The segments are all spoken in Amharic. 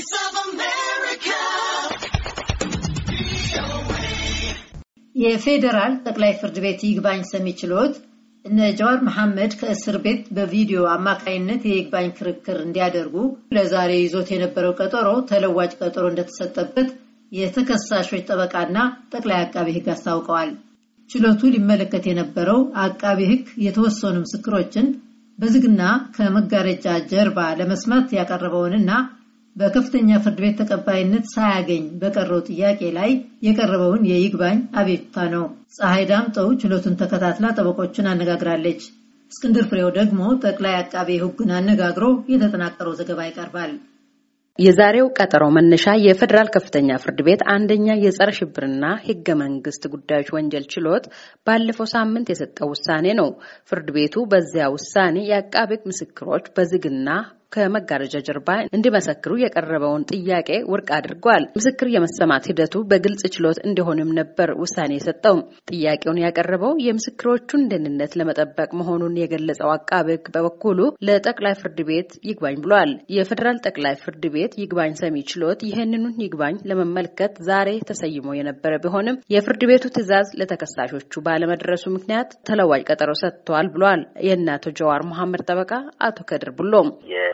Voice of America. የፌዴራል ጠቅላይ ፍርድ ቤት ይግባኝ ሰሚ ችሎት እነ ጀዋር መሐመድ ከእስር ቤት በቪዲዮ አማካይነት የይግባኝ ክርክር እንዲያደርጉ ለዛሬ ይዞት የነበረው ቀጠሮ ተለዋጭ ቀጠሮ እንደተሰጠበት የተከሳሾች ጠበቃና ጠቅላይ አቃቢ ሕግ አስታውቀዋል። ችሎቱ ሊመለከት የነበረው አቃቢ ሕግ የተወሰኑ ምስክሮችን በዝግና ከመጋረጃ ጀርባ ለመስማት ያቀረበውንና በከፍተኛ ፍርድ ቤት ተቀባይነት ሳያገኝ በቀረው ጥያቄ ላይ የቀረበውን የይግባኝ አቤቱታ ነው። ፀሐይ ዳምጠው ችሎቱን ተከታትላ ጠበቆችን አነጋግራለች። እስክንድር ፍሬው ደግሞ ጠቅላይ አቃቤ ሕጉን አነጋግሮ የተጠናቀረው ዘገባ ይቀርባል። የዛሬው ቀጠሮ መነሻ የፌዴራል ከፍተኛ ፍርድ ቤት አንደኛ የጸረ ሽብርና ህገ መንግስት ጉዳዮች ወንጀል ችሎት ባለፈው ሳምንት የሰጠው ውሳኔ ነው። ፍርድ ቤቱ በዚያ ውሳኔ የአቃቤ ምስክሮች በዝግና ከመጋረጃ ጀርባ እንዲመሰክሩ የቀረበውን ጥያቄ ውድቅ አድርጓል። ምስክር የመሰማት ሂደቱ በግልጽ ችሎት እንዲሆንም ነበር ውሳኔ የሰጠው። ጥያቄውን ያቀረበው የምስክሮቹን ደህንነት ለመጠበቅ መሆኑን የገለጸው አቃቤ ሕግ በበኩሉ ለጠቅላይ ፍርድ ቤት ይግባኝ ብሏል። የፌዴራል ጠቅላይ ፍርድ ቤት ይግባኝ ሰሚ ችሎት ይህንኑን ይግባኝ ለመመልከት ዛሬ ተሰይሞ የነበረ ቢሆንም የፍርድ ቤቱ ትዕዛዝ ለተከሳሾቹ ባለመድረሱ ምክንያት ተለዋጭ ቀጠሮ ሰጥተዋል ብሏል። የእነ አቶ ጀዋር መሐመድ ጠበቃ አቶ ከድር ብሎም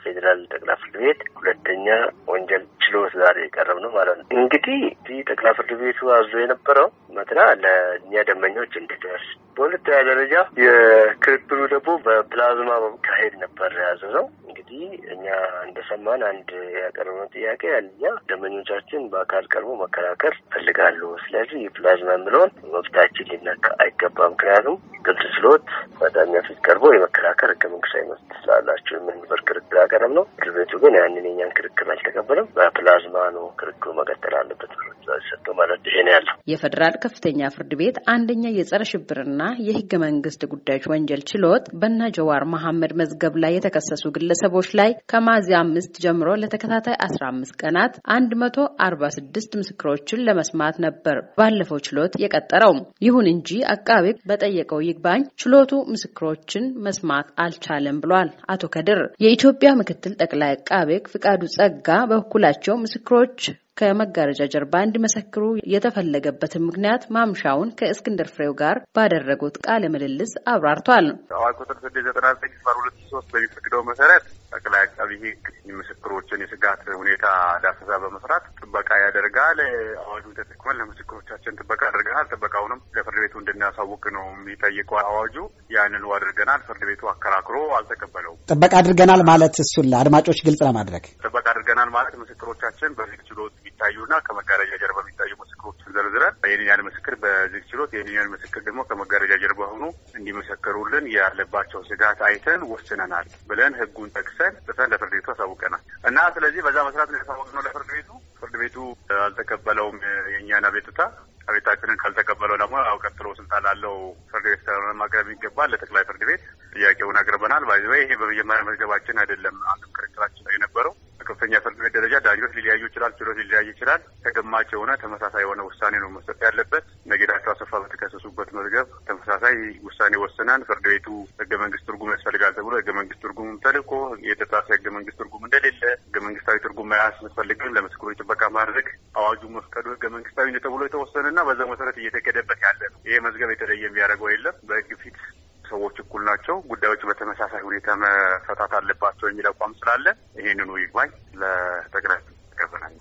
ፌዴራል ጠቅላይ ፍርድ ቤት ሁለተኛ ወንጀል ችሎት ዛሬ የቀረብ ነው ማለት ነው። እንግዲህ እዚህ ጠቅላይ ፍርድ ቤቱ አዞ የነበረው መትና ለእኛ ደንበኞች እንድደርስ፣ በሁለተኛ ደረጃ የክርክሩ ደግሞ በፕላዝማ መካሄድ ነበር ነው። እንግዲህ እኛ እንደሰማን አንድ ያቀረብነው ጥያቄ ያለኛ ደንበኞቻችን በአካል ቀርቦ መከራከር ፈልጋሉ። ስለዚህ ፕላዝማ የምለውን መብታችን ሊነካ አይገባ። ምክንያቱም ግልጽ ችሎት በዳኛ ፊት ቀርቦ የመከራከር ህገ መነጋገርም ነው። ምክር ቤቱ ግን ያንን የኛን ክርክር አልተቀበለም። በፕላዝማ ነው ክርክሩ መቀ ነው ያለው። የፌዴራል ከፍተኛ ፍርድ ቤት አንደኛ የጸረ ሽብርና የህገ መንግስት ጉዳዮች ወንጀል ችሎት በና ጀዋር መሐመድ መዝገብ ላይ የተከሰሱ ግለሰቦች ላይ ከማዚ አምስት ጀምሮ ለተከታታይ አስራ አምስት ቀናት አንድ መቶ አርባ ስድስት ምስክሮችን ለመስማት ነበር ባለፈው ችሎት የቀጠረው። ይሁን እንጂ አቃቤ በጠየቀው ይግባኝ ችሎቱ ምስክሮችን መስማት አልቻለም ብሏል። አቶ ከድር የኢትዮጵያ ምክትል ጠቅላይ አቃቤ ፍቃዱ ጸጋ በበኩላቸው ምስክሮች ከመጋረጃ ጀርባ እንዲመሰክሩ የተፈለገበትን ምክንያት ማምሻውን ከእስክንድር ፍሬው ጋር ባደረጉት ቃለ ምልልስ አብራርቷል። አዋጅ ቁጥር ስድስት ዘጠና ዘጠኝ ሁለት ሶስት በሚፈቅደው መሰረት ጠቅላይ አቃቢ ህግ ምስክሮችን የስጋት ሁኔታ ዳሰሳ በመስራት ጥበቃ ያደርጋል። አዋጁን ተጠቅመን ለምስክሮቻችን ጥበቃ አድርገናል። ጥበቃውንም ለፍርድ ቤቱ እንድናሳውቅ ነው የሚጠይቀው አዋጁ። ያንኑ አድርገናል። ፍርድ ቤቱ አከራክሮ አልተቀበለውም። ጥበቃ አድርገናል ማለት እሱን ለአድማጮች ግልጽ ለማድረግ ጥበቃ አድርገናል ማለት ምስክሮቻችን በዝግ ችሎት የሚታዩና ከመጋረጃ ጀርባ የሚታዩ ምስክሮችን ዘርዝረን ይህንን ምስክር በዝግ ችሎት ይህንን ምስክር ደግሞ ከመጋረጃ ጀርባ ሆኖ እንዲመሰክሩልን ያለባቸው ስጋት አይተን ወስነናል ብለን ህጉን ጠቅስ ወስደን ጽፈን ለፍርድ ቤቱ አሳውቀናል እና ስለዚህ በዛ መስራት ነው ያሳወቅነው ለፍርድ ቤቱ። ፍርድ ቤቱ አልተቀበለውም የእኛን አቤቱታ። አቤታችንን ካልተቀበለው ደግሞ ያው ቀጥሎ ስልጣን ላለው ፍርድ ቤት ማቅረብ ይገባል። ለጠቅላይ ፍርድ ቤት ጥያቄውን አቅርበናል። ባይዘ ይሄ በመጀመሪያ መዝገባችን አይደለም። አንድም ክርክራችን ነው የነበረው ከፍተኛ ፍርድ ቤት ደረጃ ዳኞች ሊለያዩ ይችላል፣ ችሎት ሊለያይ ይችላል። ተገማች የሆነ ተመሳሳይ የሆነ ውሳኔ ነው መስጠት ያለበት። ነጌዳቸው አሰፋ በተከሰሱበት መዝገብ ተመሳሳይ ውሳኔ ወስነን ፍርድ ቤቱ ህገ መንግስት ትርጉም ያስፈልጋል ተብሎ ህገ መንግስት ትርጉም ተልኮ የተጣሰ ህገ መንግስት ትርጉም እንደሌለ ህገ መንግስታዊ ትርጉም መያዝ ስንፈልግም ለምስክሮች ጥበቃ ማድረግ አዋጁ መፍቀዱ ህገ መንግስታዊ ተብሎ የተወሰነና በዛ መሰረት እየተገደበት ያለ ነው። ይሄ መዝገብ የተለየ የሚያደርገው የለም በህግ ፊት ሰዎች እኩል ናቸው፣ ጉዳዮች በተመሳሳይ ሁኔታ መፈታት አለባቸው የሚል አቋም ስላለ ይህንኑ ይግባኝ ለጠቅላይ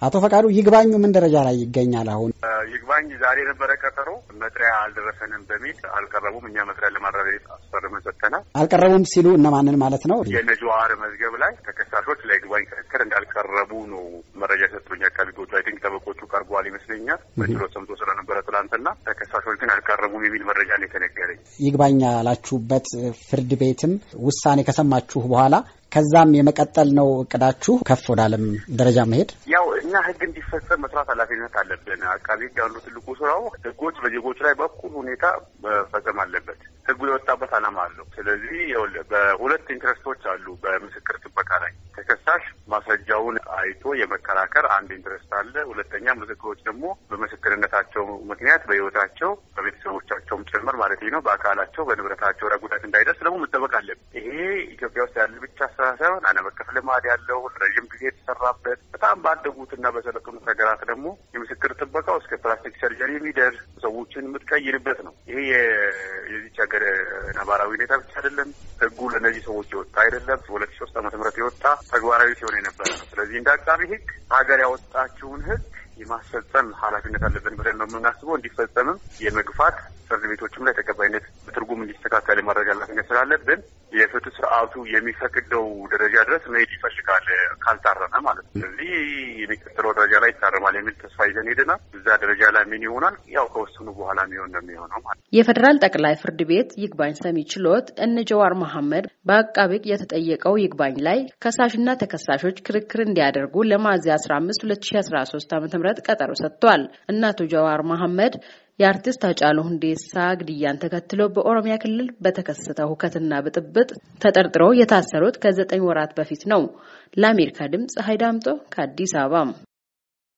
አቶ ፈቃዱ ይግባኙ ምን ደረጃ ላይ ይገኛል? አሁን ይግባኝ ዛሬ የነበረ ቀጠሮ መጥሪያ አልደረሰንም በሚል አልቀረቡም። እኛ መጥሪያ ለማረጋገጥ አስፈርመን ሰጥተናል። አልቀረቡም ሲሉ እነማንን ማለት ነው? የነ መዝገብ ላይ ተከሰ ተከሳሾች ለይግባኝ ክርክር እንዳልቀረቡ ነው መረጃ የሰጡኝ አካባቢ ጎቹ አይ ቲንክ ጠበቆቹ ቀርበዋል ይመስለኛል። በችሎት ሰምቶ ስለነበረ ትላንትና ተከሳሾች ግን አልቀረቡም የሚል መረጃ ነው የተነገረኝ። ይግባኝ ያላችሁበት ፍርድ ቤትም ውሳኔ ከሰማችሁ በኋላ ከዛም የመቀጠል ነው እቅዳችሁ ከፍ ወዳለም ደረጃ መሄድ። ያው እኛ ህግ እንዲፈጸም መስራት ኃላፊነት አለብን። አቃቤ ህግ አንዱ ትልቁ ስራው ህጎች በዜጎች ላይ በኩል ሁኔታ መፈጸም አለበት። ህጉ የወጣበት አላማ አለው። ስለዚህ በሁለት ኢንትረስቶች አሉ በምስክር ጥበቃ ማስረጃውን አይቶ የመከራከር አንድ ኢንትረስት አለ። ሁለተኛ ምስክሮች ደግሞ በምስክርነታቸው ምክንያት በህይወታቸው በቤተሰቦቻቸውም ጭምር ማለት ነው በአካላቸው በንብረታቸው ላይ ጉዳት እንዳይደርስ ደግሞ መጠበቅ አለብን። ይሄ ኢትዮጵያ ውስጥ ያለ ብቻ ሳይሆን ዓለም አቀፍ ልማድ ያለው ረዥም ጊዜ የተሰራበት በጣም ባደጉትና በሰለጠኑት ሀገራት ደግሞ የምስክር ጥበቃው እስከ ፕላስቲክ ሰርጀሪ የሚደርስ አቋሞችን የምትቀይርበት ነው። ይሄ የዚች ሀገር ነባራዊ ሁኔታ ብቻ አይደለም። ህጉ ለእነዚህ ሰዎች የወጣ አይደለም። ሁለት ሺ ሶስት ዓመተ ምህረት የወጣ ተግባራዊ ሲሆን የነበረ ነው። ስለዚህ እንደ አቃቢ ህግ ሀገር ያወጣችውን ህግ የማስፈጸም ኃላፊነት አለብን ብለን ነው የምናስበው። እንዲፈጸምም የመግፋት ፍርድ ቤቶችም ላይ ተቀባይነት በትርጉም እንዲስተካከል የማድረግ ኃላፊነት ስላለብን የፍትህ ስርዓቱ የሚፈቅደው ደረጃ ድረስ መሄድ ይፈልጋል፣ ካልታረመ ማለት ነው። ስለዚህ የሚቀጥለው ደረጃ ላይ ይታረማል የሚል ተስፋ ይዘን ሄደናል። እዛ ደረጃ ላይ ምን ይሆናል? ያው ከወሰኑ በኋላ የሚሆን ነው የሚሆነው ማለት ነው። የፌዴራል ጠቅላይ ፍርድ ቤት ይግባኝ ሰሚ ችሎት እነ ጀዋር መሐመድ በአቃቤቅ የተጠየቀው ይግባኝ ላይ ከሳሽና ተከሳሾች ክርክር እንዲያደርጉ ሺ አስራ ሶስት አመተ ም ቀጠሮ ሰጥቷል። እነ አቶ ጀዋር መሐመድ የአርቲስት አጫሎ ሁንዴሳ ግድያን ተከትሎ በኦሮሚያ ክልል በተከሰተው ሁከትና ብጥብጥ ተጠርጥረው የታሰሩት ከዘጠኝ ወራት በፊት ነው። ለአሜሪካ ድምፅ ሀይዳምጦ ከአዲስ አበባ